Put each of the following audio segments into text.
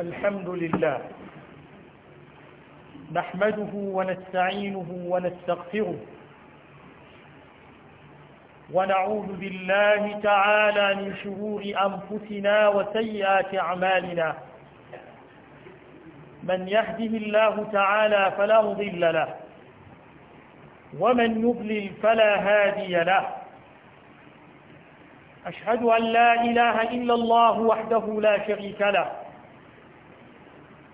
الحمد لله نحمده ونستعينه ونستغفره ونعوذ بالله تعالى من شرور أنفسنا وسيئات أعمالنا من يهده الله تعالى فلا مضل له ومن يضلل فلا هادي له أشهد أن لا إله إلا الله وحده لا شريك له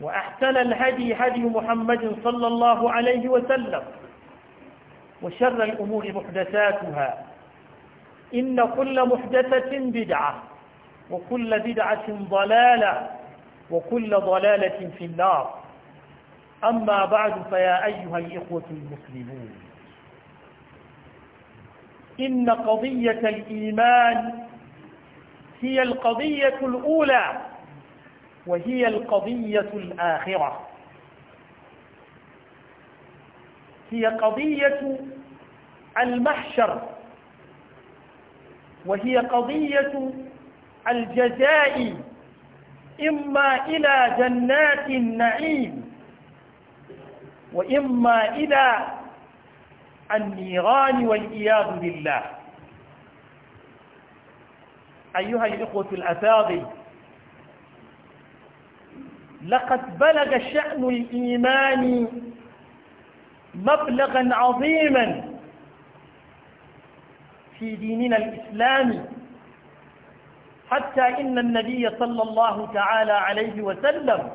وأحسن الهدي هدي محمد صلى الله عليه وسلم وشر الأمور محدثاتها إن كل محدثة بدعة وكل بدعة ضلالة وكل ضلالة في النار أما بعد فيا أيها الإخوة المسلمون إن قضية الإيمان هي القضية الأولى وهي القضية الآخرة هي قضية المحشر وهي قضية الجزاء إما إلى جنات النعيم وإما إلى النيران والعياذ بالله أيها الإخوة الأساضي لقد بلغ شأن الإيمان مبلغا عظيما في ديننا الإسلامي حتى إن النبي صلى الله تعالى عليه وسلم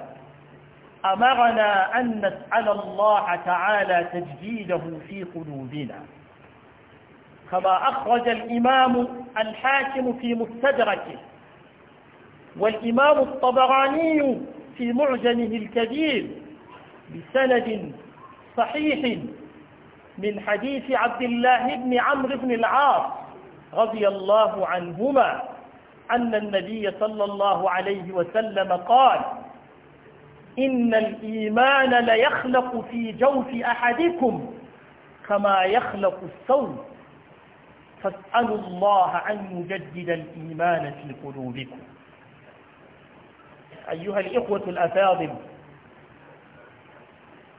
أمرنا أن نسأل الله تعالى تجديده في قلوبنا كما أخرج الإمام الحاكم في مستدركه والإمام الطبراني في معجمه الكبير بسند صحيح من حديث عبد الله بن عمرو بن العاص رضي الله عنهما أن النبي صلى الله عليه وسلم قال إن الإيمان ليخلق في جوف أحدكم كما يخلق الثوب فاسألوا الله أن يجدد الإيمان في قلوبكم أيها الإخوة الأفاضل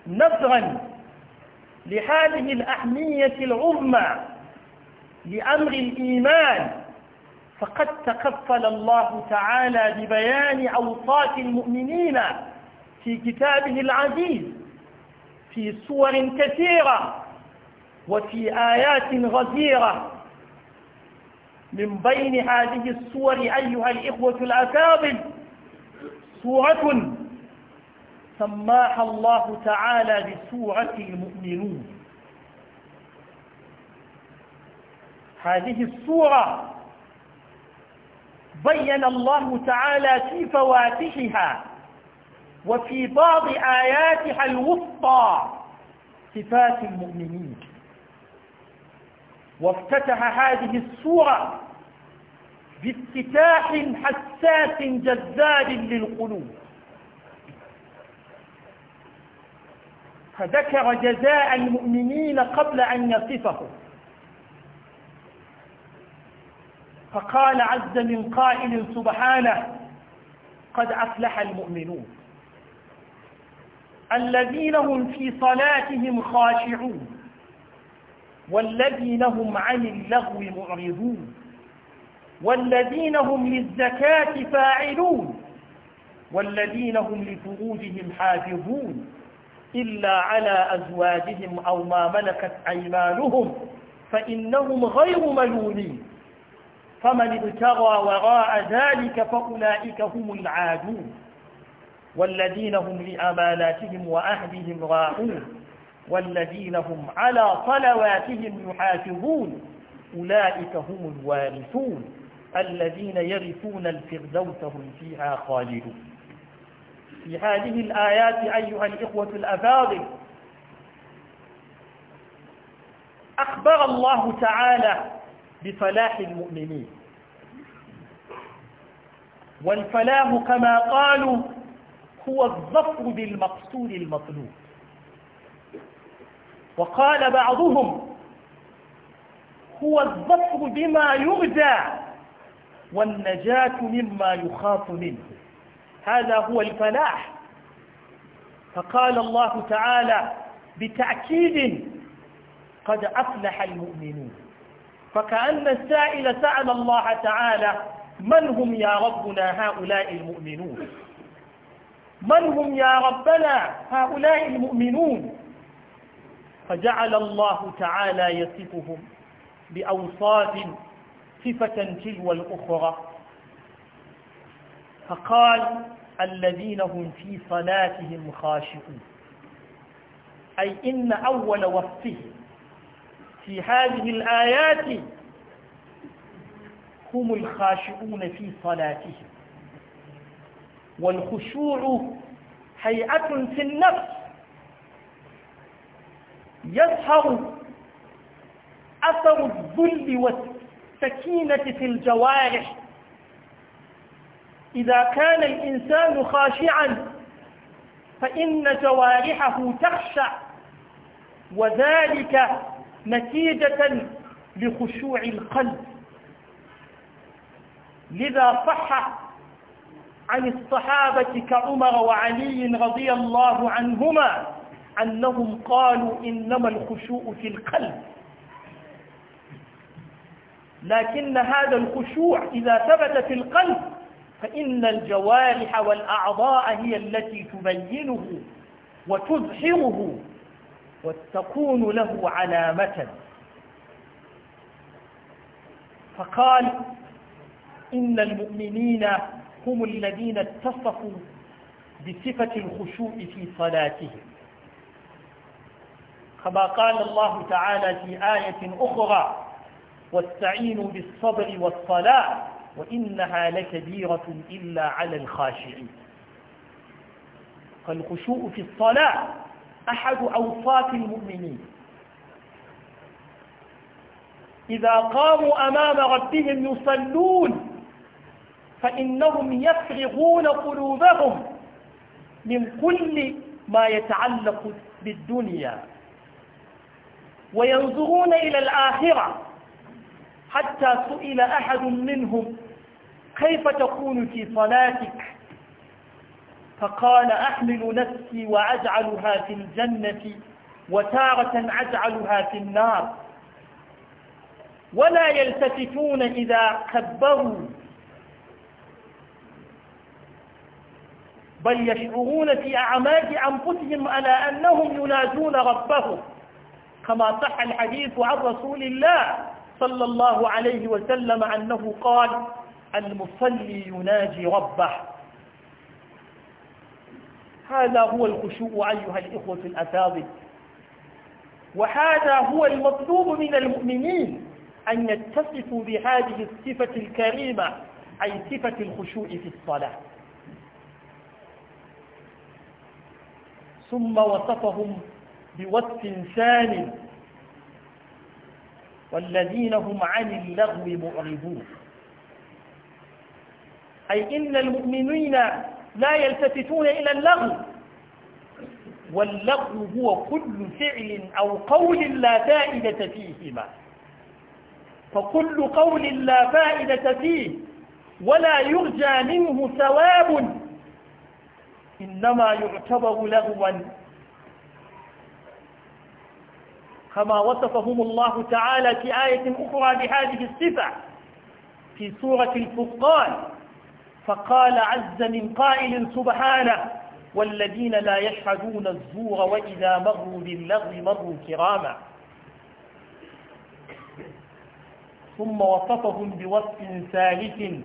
نظرا لهذه الأهمية العظمى لأمر الإيمان فقد تكفل الله تعالى ببيان أوصاف المؤمنين في كتابه العزيز في صور كثيرة وفي آيات غزيرة من بين هذه الصور أيها الإخوة الأكابر سورة سماها الله تعالى بسورة المؤمنون هذه السورة بين الله تعالى في فواتحها وفي بعض آياتها الوسطى صفات المؤمنين وافتتح هذه السورة بافتتاح حساس جذاب للقلوب فذكر جزاء المؤمنين قبل أن يصفه فقال عز من قائل سبحانه قد أفلح المؤمنون الذين هم في صلاتهم خاشعون والذين هم عن اللغو معرضون والذين هم للزكاة فاعلون والذين هم لفروجهم حافظون إلا على أزواجهم أو ما ملكت أيمانهم فإنهم غير ملومين فمن ابتغى وراء ذلك فأولئك هم العادون والذين هم لأماناتهم وأهلهم راعون والذين هم على صلواتهم يحافظون أولئك هم الوارثون الذين يرثون الفردوس هم فيها خالدون في هذه الآيات أيها الإخوة الأفاضل أخبر الله تعالى بفلاح المؤمنين والفلاح كما قالوا هو الظفر بالمقصود المطلوب وقال بعضهم هو الظفر بما يرجى والنجاة مما يخاف منه هذا هو الفلاح فقال الله تعالى بتأكيد قد أفلح المؤمنون فكأن السائل سأل الله تعالى من هم يا ربنا هؤلاء المؤمنون من هم يا ربنا هؤلاء المؤمنون فجعل الله تعالى يصفهم بأوصاف صفة تلو الأخرى فقال الذين هم في صلاتهم خاشعون أي إن أول وصفه في هذه الآيات هم الخاشعون في صلاتهم والخشوع هيئة في النفس يظهر أثر الذل والسلام السكينة في الجوارح إذا كان الإنسان خاشعا فإن جوارحه تخشع وذلك نتيجة لخشوع القلب لذا صح عن الصحابة كعمر وعلي رضي الله عنهما أنهم قالوا إنما الخشوع في القلب لكن هذا الخشوع إذا ثبت في القلب فإن الجوارح والأعضاء هي التي تبينه وتظهره وتكون له علامة فقال إن المؤمنين هم الذين اتصفوا بصفة الخشوع في صلاتهم كما قال الله تعالى في آية أخرى واستعينوا بالصبر والصلاة وإنها لكبيرة إلا على الخاشعين فالخشوع في الصلاة أحد أوصاف المؤمنين إذا قاموا أمام ربهم يصلون فإنهم يفرغون قلوبهم من كل ما يتعلق بالدنيا وينظرون إلى الآخرة حتى سئل أحد منهم كيف تكون في صلاتك فقال أحمل نفسي وأجعلها في الجنة وتارة أجعلها في النار ولا يلتفتون إذا كبروا بل يشعرون في أعماد أنفسهم على أنهم ينادون ربهم كما صح الحديث عن رسول الله صلى الله عليه وسلم أنه قال المصلي يناجي ربه هذا هو الخشوع أيها الإخوة الأفاضل وهذا هو المطلوب من المؤمنين أن يتصفوا بهذه الصفة الكريمة أي صفة الخشوع في الصلاة ثم وصفهم بوصف ثانٍ والذين هم عن اللغو معرضون أي إن المؤمنين لا يلتفتون إلى اللغو واللغو هو كل فعل أو قول لا فائدة فيهما فكل قول لا فائدة فيه ولا يرجى منه ثواب إنما يعتبر لغوا كما وصفهم الله تعالى في آية أخرى بهذه الصفة في سورة الفرقان فقال عز من قائل سبحانه والذين لا يشهدون الزور وإذا مروا باللغو مروا كراما ثم وصفهم بوصف ثالث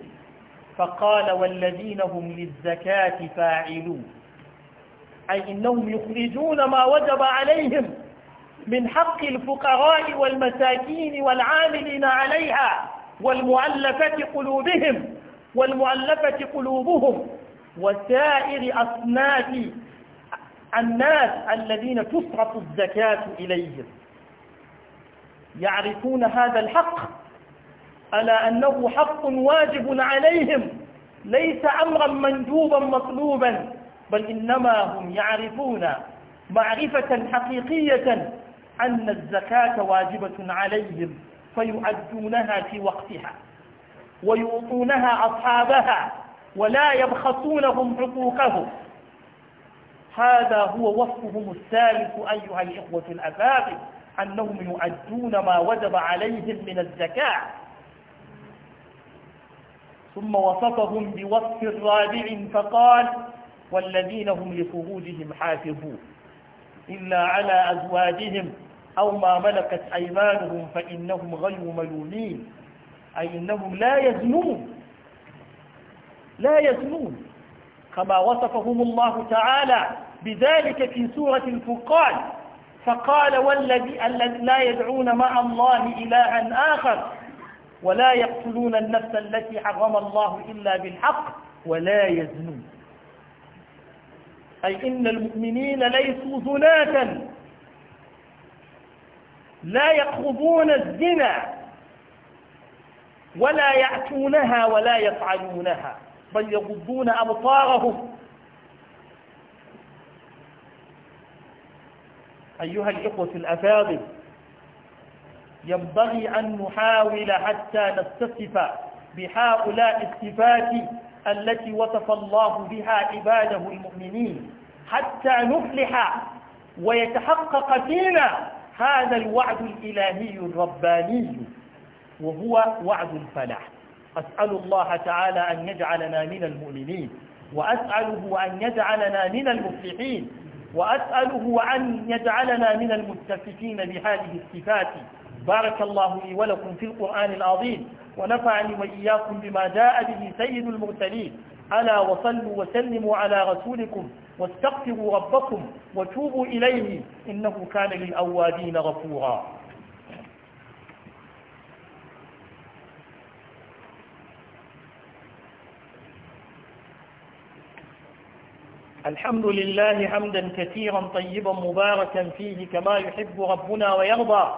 فقال والذين هم للزكاة فاعلون أي إنهم يخرجون ما وجب عليهم من حق الفقراء والمساكين والعاملين عليها والمؤلفة قلوبهم والمؤلفة قلوبهم وسائر أصناف الناس الذين تصرف الزكاة إليهم يعرفون هذا الحق ألا أنه حق واجب عليهم ليس أمرا مندوبا مطلوبا بل إنما هم يعرفون معرفة حقيقية أن الزكاة واجبة عليهم فيؤدونها في وقتها ويعطونها أصحابها ولا يبخسونهم حقوقهم هذا هو وصفهم الثالث أيها الإخوة الأفاضل أنهم يؤدون ما وجب عليهم من الزكاة ثم وصفهم بوصف رابع فقال والذين هم لفروجهم حافظون إلا على أزواجهم أو ما ملكت أيمانهم فإنهم غير ملومين أي إنهم لا يزنون لا يزنون كما وصفهم الله تعالى بذلك في سورة الفقال فقال والذي لا يدعون مع الله إلها آخر ولا يقتلون النفس التي حرم الله إلا بالحق ولا يزنون أي إن المؤمنين ليسوا زناة لا يقربون الزنا ولا يأتونها ولا يفعلونها بل يغضون أبطارهم أيها الإخوة الأفاضل ينبغي أن نحاول حتى نستصف بهؤلاء الصفات التي وصف الله بها عباده المؤمنين حتى نفلح ويتحقق فينا هذا الوعد الإلهي الرباني وهو وعد الفلاح أسأل الله تعالى أن يجعلنا من المؤمنين وأسأله أن يجعلنا من المفلحين وأسأله أن يجعلنا من المتفكين بهذه الصفات بارك الله لي ولكم في القرآن العظيم ونفعني وإياكم بما جاء به سيد المرسلين ألا وصلوا وسلموا على رسولكم واستغفروا ربكم وتوبوا إليه إنه كان للأوابين غفورا الحمد لله حمدا كثيرا طيبا مباركا فيه كما يحب ربنا ويرضى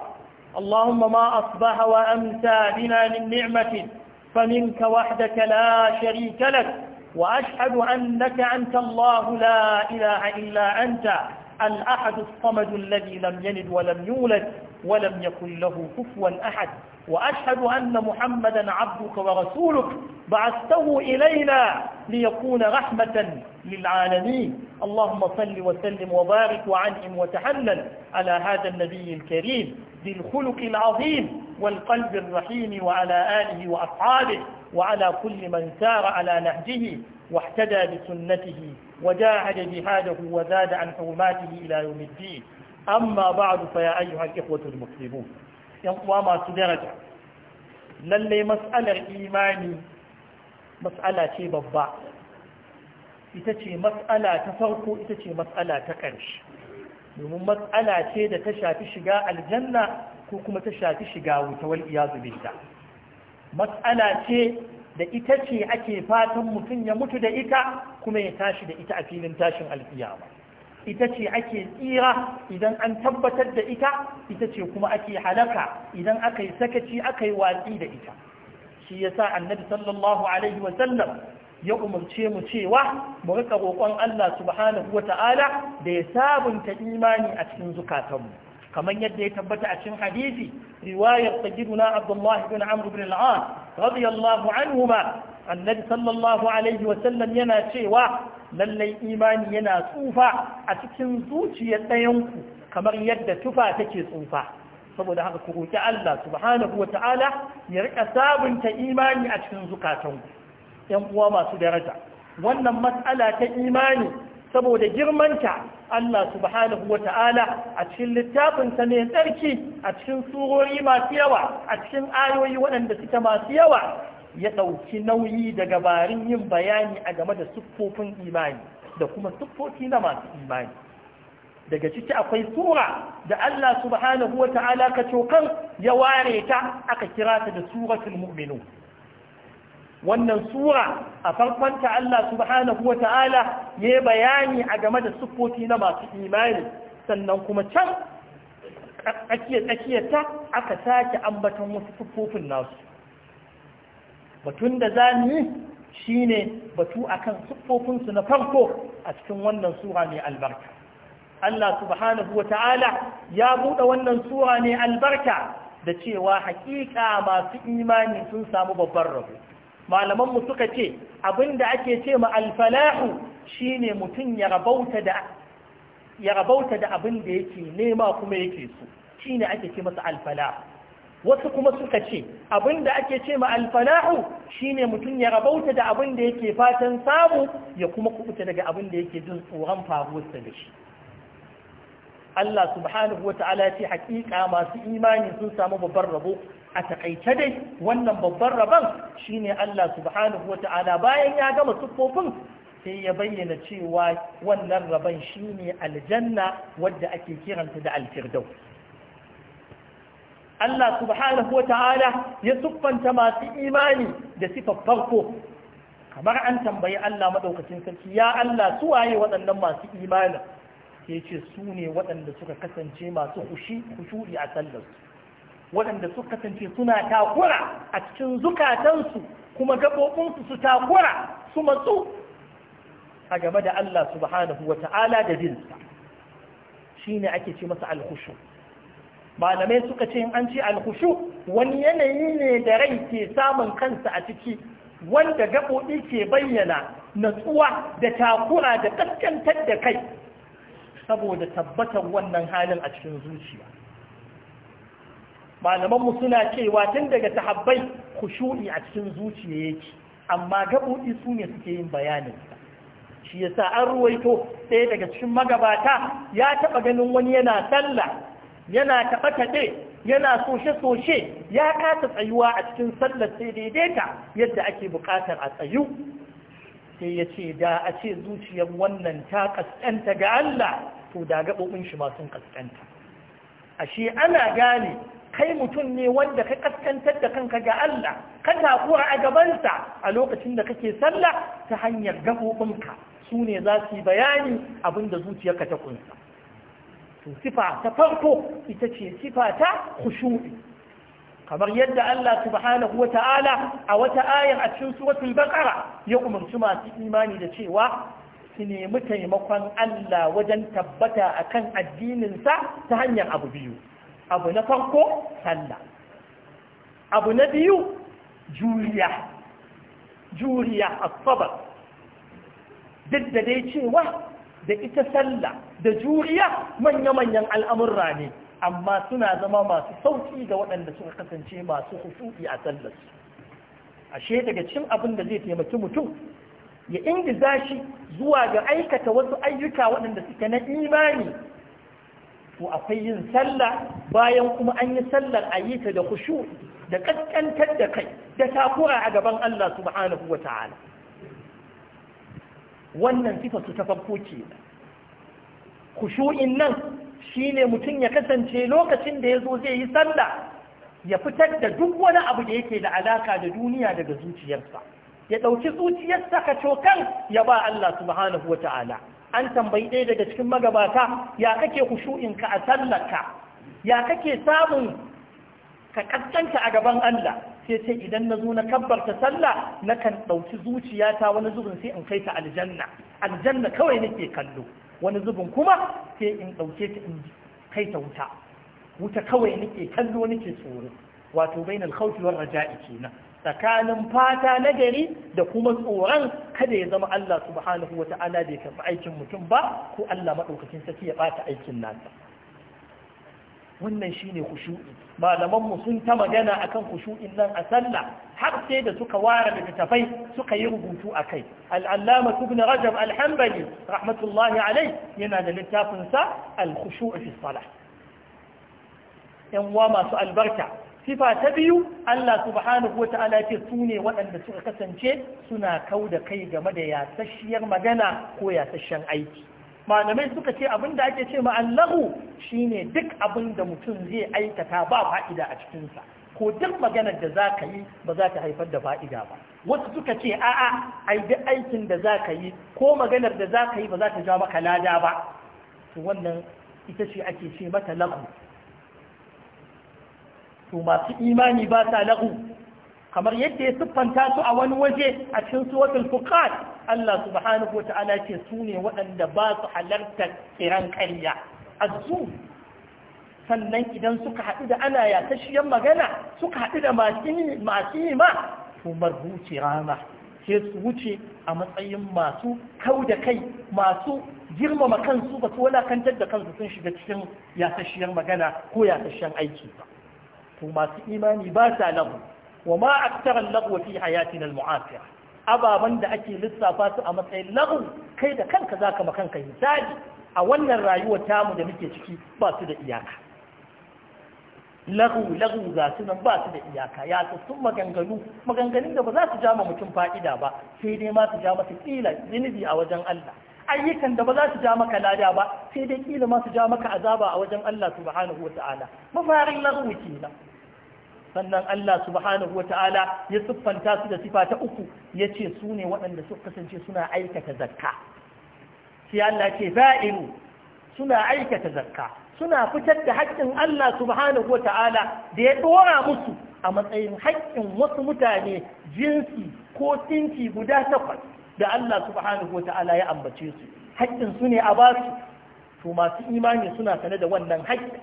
اللهم ما أصبح وأمسى بنا من نعمة فمنك وحدك لا شريك لك وأشهد أنك أنت الله لا إله إلا أنت الأحد الصمد الذي لم يلد ولم يولد ولم يكن له كفوا أحد وأشهد أن محمدا عبدك ورسولك بعثته إلينا ليكون رحمة للعالمين اللهم صل وسلم وبارك وعنهم وتحلل على هذا النبي الكريم ذي الخلق العظيم والقلب الرحيم وعلى آله وأصحابه وعلى كل من سار على نهجه واحتدى بسنته وجاهد جهاده وزاد عن حرماته إلى يوم الدين أما بعد فيا أيها الإخوة المسلمون وما درجة للي مسألة إيماني مسألة شيء ببعض ita ce matsala ta farko ita ce matsala ta ƙarshe domin matsala ce da ta shafi shiga aljanna ko kuma ta shafi shiga wuta wal iyazu billah matsala ce da ita ce ake fatan mutum ya mutu da ita kuma ya tashi da ita a filin tashin alkiyama ita ce ake tsira idan an tabbatar da ita ita ce kuma ake halaka idan aka yi sakaci aka yi watsi da ita shi yasa annabi sallallahu alaihi sallam. ya umarce mu cewa mu rika roƙon Allah subhanahu wata'ala da ya sabunta imani a cikin zukatanmu kamar yadda ya tabbata a cikin hadisi riwayar sayyiduna Abdullah ibn Amr ibn al-As radiyallahu anhuma annabi sallallahu alaihi wa sallam yana cewa lallai imani yana tsufa a cikin zuciyar ɗayanku kamar yadda tufa take tsufa saboda haka ku roƙi Allah subhanahu wata'ala ya rika sabunta imani a cikin zukatanku ‘yan uwa masu daraja wannan matsala ta imani saboda girmanta Allah subhanahu wa ta'ala a cikin littafinsa mai tsarki a cikin surori masu yawa a cikin ayoyi waɗanda suke masu yawa ya ɗauki nauyi daga barin yin bayani a game da siffofin imani da kuma siffofi na masu imani daga ciki akwai sura da Allah subhanahu wa ta'ala ka cokan ya ware ta aka kira ta da suratul mu'minun wannan sura a farkonta Allah subhanahu wa ta'ala ya bayani a game da siffofi na masu imani sannan kuma can tsakiyarta aka sake ambaton wasu siffofin nasu batun da za mu yi shi ne batu a kan siffofinsu na farko a cikin wannan sura mai albarka Allah subhanahu wa ta'ala ya buɗe wannan sura mai albarka da cewa haƙiƙa masu imani sun samu babban rabu malaman mu suka ce abinda ake ce ma alfalahu shine mutum ya rabauta da abinda yake nema kuma yake su. shine ake ce masa alfalahu wasu kuma suka ce abinda ake ce ma alfalahu shine mutum ya rabauta da abinda yake fatan samu ya kuma kubuta daga abinda yake jin tsoron faruwarsa da shi Allah subhanahu wa ta'ala ce hakika masu imani sun samu babban rabo a takaice dai wannan babban rabon shine Allah subhanahu wata'ala bayan ya gama siffofin sai ya bayyana cewa wannan rabon shine aljanna wadda ake kiranta da alfirdau Allah subhanahu wata'ala ya siffanta masu imani da sifar farko kamar an tambayi Allah maɗaukacin sarki ya Allah su waye waɗannan masu imani ya ce su ne waɗanda suka kasance masu hushu'i a sallarsu waɗanda suka kasance suna takura a cikin zukatansu kuma gaɓoɓinsu su takura su matsu a game da Allah subhanahu wa ta'ala da dinsa shi ne ake ce masa alhushu malamai suka ce an ce alhushu wani yanayi ne da rai ke samun kansa a ciki wanda gaɓoɓi ke bayyana natsuwa da takura da ƙaskantar da kai saboda tabbatar wannan halin a cikin zuciya malamanmu suna cewa tun daga tahabbai khushu'i a cikin zuciya yake amma gaɓoɓi su ne suke yin bayanin shi yasa an ruwaito ɗaya daga cikin magabata ya taɓa ganin wani yana sallah yana taɓa taɓe yana soshe-soshe ya kasa tsayuwa a cikin sallar sai daidaita yadda ake buƙatar a tsayu sai ya ce da a ce zuciyar wannan ta ƙasƙanta ga Allah to da gaɓoɓin shi ma sun kaskanta ashe ana gane kai mutum ne wanda ka kaskantar da kanka ga Allah ka takura a gabansa a lokacin da kake sallah ta hanyar gaɓoɓinka su ne za su yi bayani abin da zuciyarka ta kunsa to sifa ta farko ita ce sifa ta khushu'i kamar yadda Allah subhanahu wa ta'ala a wata ayar a cikin suratul baqara ya umarci masu imani da cewa su nemi taimakon Allah wajen tabbata akan addininsa ta hanyar abu biyu abu na farko sallah abu na biyu juriya juriya sabar, duk da dai cewa da ita sallah da juriya manya-manyan al'amurra ne amma suna zama masu sauki ga waɗanda suka kasance masu husuki a sallarsu ashe daga cin abin da zai taimaki mutum ya ingiza shi zuwa ga aikata wasu ayyuka waɗanda suke na imani to akwai yin sallah bayan kuma an yi sallar a yi ta da kushu da ƙasƙantar da kai da takura a gaban Allah subhanahu wa ta'ala wannan sifasu ta farko ce kushu'in nan shine mutum ya kasance lokacin da ya zo zai yi sallah ya fitar da duk wani abu da yake da alaka da duniya daga zuciyarsa ya ɗauki zuciyarsa ka cokan ya ba Allah subhanahu wa ta'ala an tambayi ɗaya daga cikin magabata ya kake kushu'inka a sallarka ya kake samun ka kaskanta a gaban Allah sai ce idan na zo na kabbarta sallah na kan ɗauki zuciyata wani zubin sai in kai ta aljanna aljanna kawai nake kallo wani zubin kuma sai in ɗauke ta in kai ta wuta wuta kawai nake kallo nake tsoro wato bainal khawfi raja'i kenan tsakanin fata na gari da kuma tsoron kada ya zama Allah subhanahu wa ta'ala bai karɓi aikin mutum ba ko Allah maɗaukakin saki ya ɓata aikin nasa wannan shine khushu'i malaman mu sun ta magana akan khushu'in nan a sallah har sai da suka ware littafai suka yi rubutu akai al-allama ibn rajab al-hanbali rahmatullahi alayh yana da littafin sa al-khushu' fi salah yan wa masu albarka sifa ta biyu Allah subhanahu wa ta'ala ce su ne waɗanda suka kasance suna kau da kai game da yasasshiyar magana ko yasasshen aiki malamai suka ce abin da ake ce ma'allahu shine duk abin da mutum zai aikata ba fa'ida a cikinsa ko duk maganar da za ka yi ba za ta haifar da fa'ida ba wasu suka ce a'a ai duk aikin da za ka yi ko maganar da za ka yi ba za ta ja maka lada ba to wannan ita ce ake ce mata lahu to masu imani ba sa lagu kamar yadda ya siffanta su a wani waje a cikin suratul fuqat Allah subhanahu wata'ala ce su ne waɗanda ba su halartar kiran ƙarya azzu sannan idan suka haɗu da ana yasasshiyar magana suka haɗu da masu yi ma to marhuci rama sai su wuce a matsayin masu kau da kai masu girmama kansu ba su walakantar da kansu sun shiga cikin yasasshiyar magana ko yasasshiyar aiki ba to masu imani ba sa lagu wa ma aktaran lagu fi hayatin al-mu'afira ababan da ake lissafa su a matsayin lagu kai da kanka za ma kanka hisabi a wannan rayuwar tamu da muke ciki ba su da iyaka lagu lagu ga su nan ba su da iyaka ya ta sun maganganu maganganun da ba za su ja ma mutum fa'ida ba sai dai ma su ja masa kila zunubi a wajen Allah ayyukan da ba za su ja maka lada ba sai dai kila ma su ja maka azaba a wajen Allah subhanahu wa ta'ala mafarin lagu kenan sannan Allah subhanahu wa ta'ala ya siffanta su da sifa ta uku ya ce su ne waɗanda suka kasance suna aikata zakka sai Allah ce fa'ilu suna aikata zakka suna fitar da haƙƙin Allah subhanahu wa ta'ala da ya ɗora musu a matsayin haƙƙin wasu mutane jinsi ko tinki guda takwas da Allah subhanahu wa ta'ala ya ambace su haƙƙin su ne a basu to masu imani suna sane da wannan haƙƙin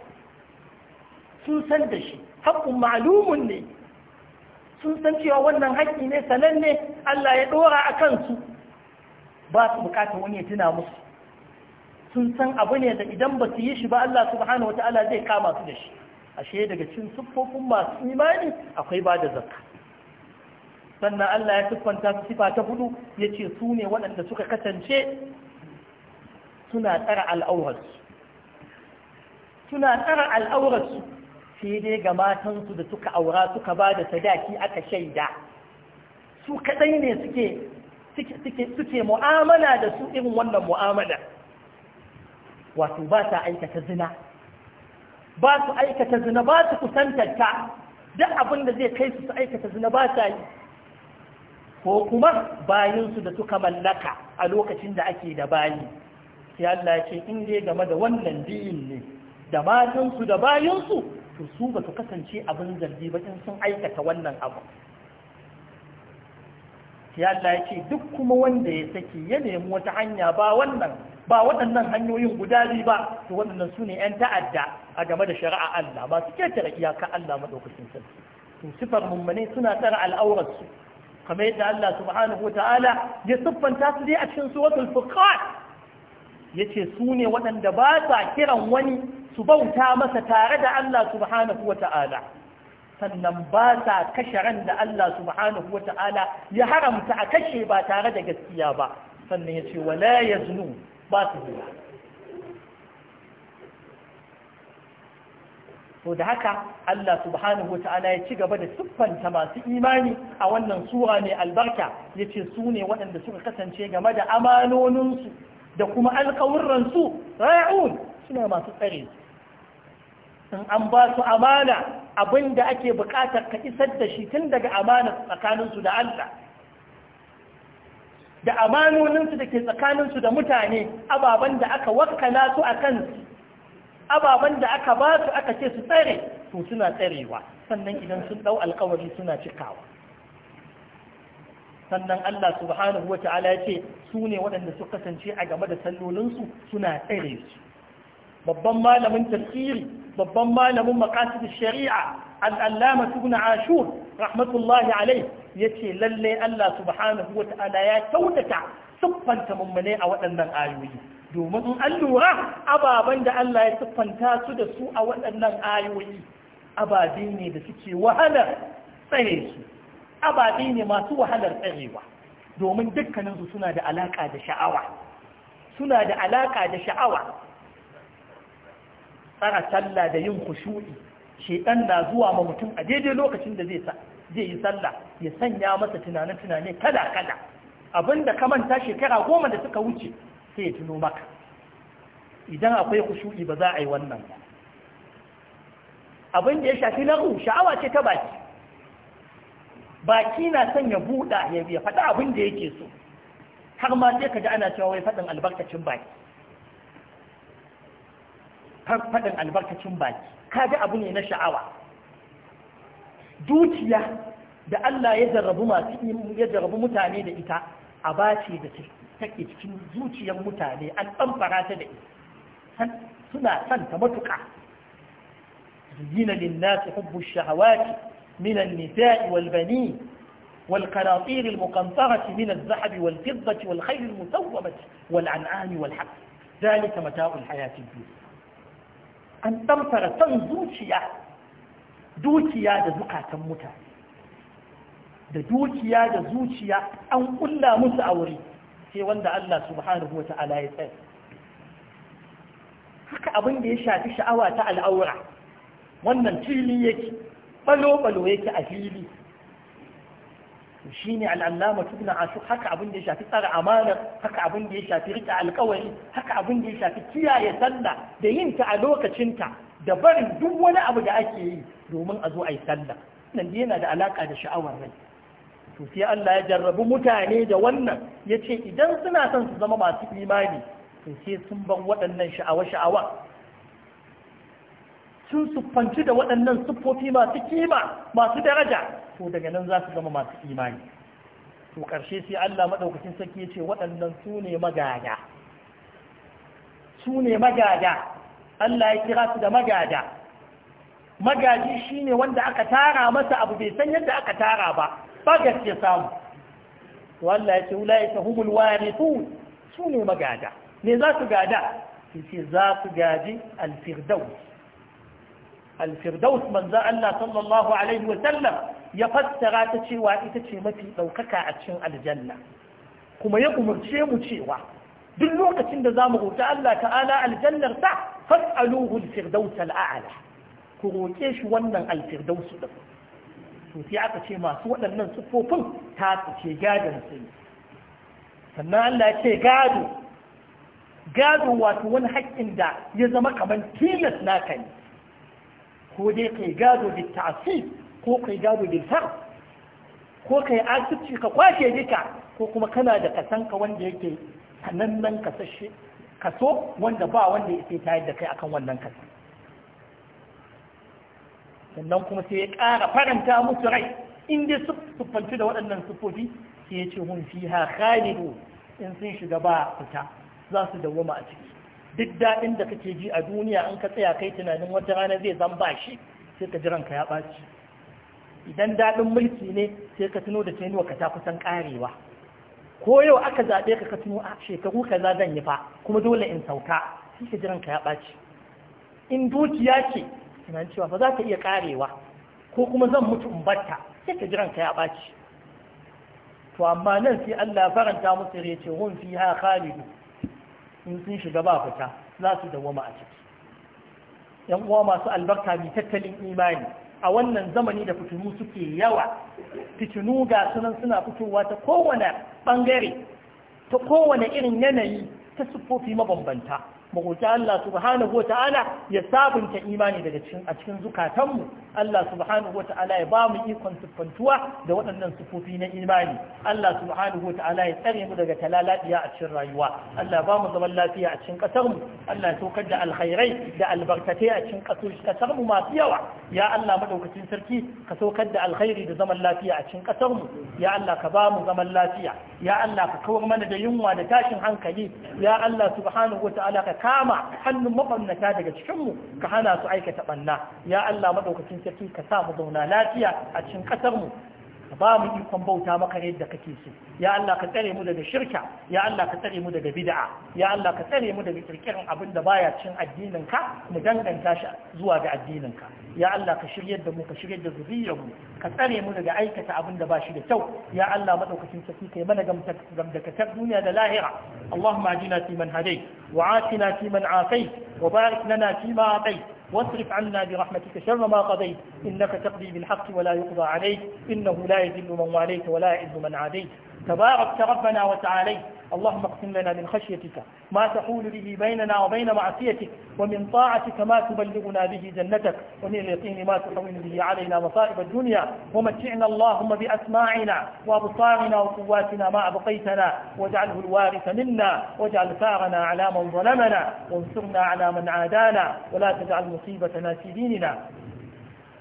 sun san da shi haƙƙun ma'lumun ne sun san cewa wannan haƙƙi ne sananne Allah ya ɗora a kansu ba su bukatar wani ya tuna musu sun san abu ne da idan ba su yi shi ba Allah subhanahu ala zai kama su da shi ashe daga cikin siffofin masu imani akwai ba da zakka sannan Allah ya siffanta su sifa ta hudu ya ce su ne waɗanda suka kasance suna tsara suna tsara al'aurarsu sai dai ga matansu da suka aura suka ba da sadaki aka shaida su kadai ne suke mu'amala da su irin wannan mu'amala wato ba ta aikata zina ba su aikata zina ba su kusantarta duk abin da zai kai su su aikata zina ba ta yi ko kuma bayinsu da suka mallaka a lokacin da ake da bayi sai Allah ya ce in dai game da wannan biyin ne da matansu da bayinsu to su ba su kasance abin zargi ba in sun aikata wannan abu ya Allah ya ce duk kuma wanda ya saki ya nemi wata hanya ba wannan ba waɗannan hanyoyin guda biyu ba to waɗannan su ne 'yan ta'adda a game da shari'a Allah ba su ketare iyaka Allah maɗaukacin sarki to sifar suna tsara al'aurarsu kamar yadda Allah subhanahu wa ta'ala ya siffanta su dai a cikin suratul Ya yace su ne waɗanda ba sa kiran wani su bauta masa tare da Allah subhanahu wa ta'ala sannan ba sa kashe ran da Allah subhanahu wa ta'ala ya haramta a kashe ba tare da gaskiya ba sannan ya ce wala ya zunu ba su zina to da haka Allah subhanahu wa ta'ala ya ci gaba da siffanta masu imani a wannan sura mai albarka ya ce su ne waɗanda suka kasance game da amanoninsu da kuma alƙawurransu ra'un suna masu tsare su in an ba su amana abin da ake bukatar ka isar da shi tun daga amana tsakaninsu da Allah da amanoninsu da ke tsakaninsu da mutane ababen da aka wakana su a kansu ababen da aka ba su aka ce su tsare to suna tsarewa sannan idan sun dau alkawari suna cikawa sannan Allah subhanahu wa ta'ala ya ce su ne waɗanda su kasance a game da sallolinsu suna tsare su babban malamin tafsiri babban malamin maqasid shari'a al-allama ibn ashur rahmatullahi alayhi yace lallai Allah subhanahu wata'ala ya kyautata siffanta mummune a waɗannan ayoyi domin in an lura ababen da Allah ya siffanta su da su a waɗannan ayoyi ababe ne da suke wahalar tsare su ababe ne masu wahalar tsarewa domin dukkaninsu suna da alaƙa da sha'awa suna da alaƙa da sha'awa tsara sallah da yin kushu'i shedan na zuwa ma mutum a daidai lokacin da zai yi sallah ya sanya masa tunane tunane kala kala da ka manta shekara goma da suka wuce sai ya tuno maka idan akwai kushu'i ba za a yi wannan ba abin da ya shafi lagu sha'awa ce ta baki baki na son ya buɗa ya faɗa abin da yake so har ma sai ka ji ana cewa wai faɗin albarkacin baki faɗin albarkacin baki kaga abu ne na sha'awa dukiya da Allah ya jarrabu masu ya jarrabu mutane da ita a bace da take cikin zuciyar mutane an ɗanfara ta da ita suna son ta matuƙa zina linnasi hubbu shahawati min an-nisa'i wal banin والقناطير المقنطرة من الذهب والفضة والخيل المسومة والأنعام والحق ذلك متاع الحياة الدنيا an ɗamfara son zuciya dukiya da zukatan mutane da dukiya da zuciya an kulla musu aure sai wanda Allah subhanahu wa ta'ala ya tsaye haka abin da ya shafi sha'awa ta al'aura wannan fili yake balo-balo yake a fili to shine al'allama a asu haka abin da ya shafi tsara amana haka abin da ya shafi rika alkawari haka abin da ya shafi kiyaye sallah da yin ta a lokacinta da barin duk wani abu da ake yi domin a zo a yi sallah nan yana da alaka da sha'awar rai to sai Allah ya jarrabu mutane da wannan ya ce idan suna son su zama masu imani to sai sun ban waɗannan sha'awa-sha'awa sun siffanci da waɗannan siffofi masu kima masu daraja to daga nan za su zama masu imani to ƙarshe sai Allah maɗaukacin sarki ce waɗannan su ne magada su ne magada Allah ya kira su da magada magaji shine wanda aka tara masa abu bai san yadda aka tara ba ba gaske samu to Allah ya ce ulaika humul su ne magada me za su gada sai ce za su gaji alfirdaus alfirdaus manzan Allah sallallahu alaihi ya fassara ta cewa ita ce mafi ɗaukaka a cikin aljanna kuma ya umarce mu cewa duk lokacin da za mu roƙi Allah ta'ala aljannar ta fas'aluhu alfirdaus al'a'la ku roƙe shi wannan alfirdaus din to sai aka ce masu waɗannan siffofin ta ce gadon sai sannan Allah ya ce gado gado wato wani haƙƙin da ya zama kamar tilas naka ne ko dai kai gado da ta'asif ko kai gado da sar ko kai asibci ka kwashe duka ko kuma kana da kasanka wanda yake sanannen kasashe kaso wanda ba wanda ya tayar da kai akan wannan kasa sannan kuma sai ya ƙara faranta musu rai in dai siffanci da waɗannan siffofi sai ya ce hun fiha khalidu in sun shiga ba fita za su dawwama a ciki duk daɗin da kake ji a duniya an ka tsaya kai tunanin wata rana zai zan ba shi sai ka jiran ka ya ɓaci idan daɗin mulki ne sai ka tuno da tunuwa ka ta kusan ƙarewa ko yau aka zaɓe ka ka tuno a ah, shekaru kaza zan yi fa kuma dole in sauka sai ka jiran ka ya ɓaci in dukiya ce tunanin cewa ba za ta iya ƙarewa ko kuma zan mutu in batta sai ka jiran ka ya ɓaci to amma nan sai Allah faranta musu ya ce hun fiha khalidu in sun shiga ba fita za su dawama a ciki yan uwa masu albarka bi tattalin imani a wannan zamani da fitinu suke yawa fitinu ga sunan suna fitowa ta kowane ɓangare, ta kowane irin yanayi ta siffofi mabambanta mahuta Allah subhanahu wa ta'ala ya sabunta imani daga a cikin zukatanmu Allah subhanahu wa ta'ala ya ba mu ikon siffantuwa da waɗannan sufofi na imani Allah subhanahu wa ta'ala ya tsare mu daga talalaɗiya a cikin rayuwa Allah ba mu zaman lafiya a cikin ƙasarmu Allah ya saukar da alkhairai da albarkatai a cikin ƙasarmu masu yawa ya Allah maɗaukacin sarki ka saukar da alkhairi da zaman lafiya a cikin ƙasarmu ya Allah ka ba mu zaman lafiya ya Allah ka kawar mana da yunwa da tashin hankali ya Allah subhanahu wa ta'ala ka kama hannun mabannata daga cikinmu ka hana su aikata banna ya Allah madaukakin sarki ka sa mu zauna lafiya a cikin kasar mu ka ba mu ikon bauta maka yadda kake so ya Allah ka tsare mu daga shirka ya Allah ka tsare mu daga bid'a ya Allah ka tsare mu daga kirkirin abin da baya cin addinin ka mu danganta shi zuwa ga addinin ka ya Allah ka shiryar da mu ka shiryar da zuriyar mu ka tsare mu daga aikata abin da ba shi da kyau ya Allah madaukakin sarki kai mana gamdakatar duniya da lahira Allahumma ajina fi man hadai wa atina fi man afai wa barik lana fi ma واصرف عنا برحمتك شر ما قضيت إنك تقضي بالحق ولا يقضى عليك إنه لا يذل من واليت ولا يعز من عاديت تبارك ربنا وتعاليت اللهم اقسم لنا من خشيتك ما تحول به بيننا وبين معصيتك ومن طاعتك ما تبلغنا به جنتك ومن اليقين ما تحول به علينا مصائب الدنيا ومتعنا اللهم بأسماعنا وأبصارنا وقواتنا ما أبقيتنا واجعله الوارث منا واجعل ثارنا على من ظلمنا وانصرنا على من عادانا ولا تجعل مصيبتنا في ديننا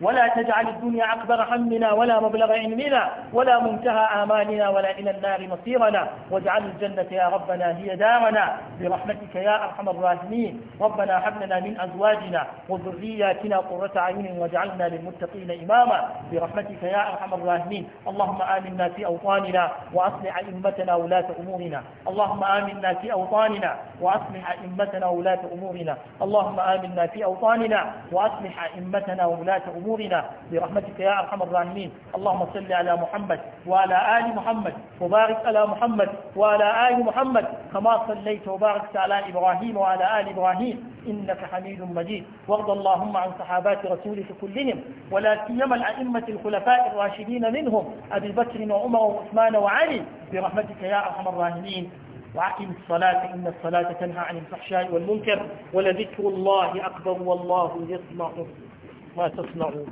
ولا تجعل الدنيا أكبر همنا ولا مبلغ علمنا ولا منتهى آمالنا ولا إلى النار مصيرنا واجعل الجنة يا ربنا هي دارنا برحمتك يا أرحم الراحمين ربنا هب لنا من أزواجنا وذرياتنا قرة أعين واجعلنا للمتقين إماما برحمتك يا أرحم الراحمين اللهم آمنا في أوطاننا وأصلح أئمتنا ولاة أمورنا اللهم آمنا في أوطاننا وأصلح أئمتنا ولاة أمورنا اللهم آمنا في أوطاننا وأصلح أئمتنا ولاة أمورنا أمورنا برحمتك يا أرحم الراحمين اللهم صل على محمد وعلى آل محمد وبارك على محمد وعلى آل محمد كما صليت وباركت على إبراهيم وعلى آل إبراهيم إنك حميد مجيد وارض اللهم عن صحابات رسولك كلهم ولا سيما الأئمة الخلفاء الراشدين منهم أبي بكر وعمر وعثمان وعلي برحمتك يا أرحم الراحمين وأقم الصلاة إن الصلاة تنهى عن الفحشاء والمنكر ولذكر الله أكبر والله يسمع ما تصنعون